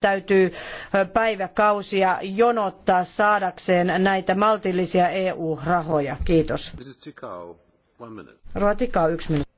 täytyy päiväkausia jonottaa saadakseen näitä maltillisia EU-rahoja. Kiitos. Roatikau, yksi minuutti.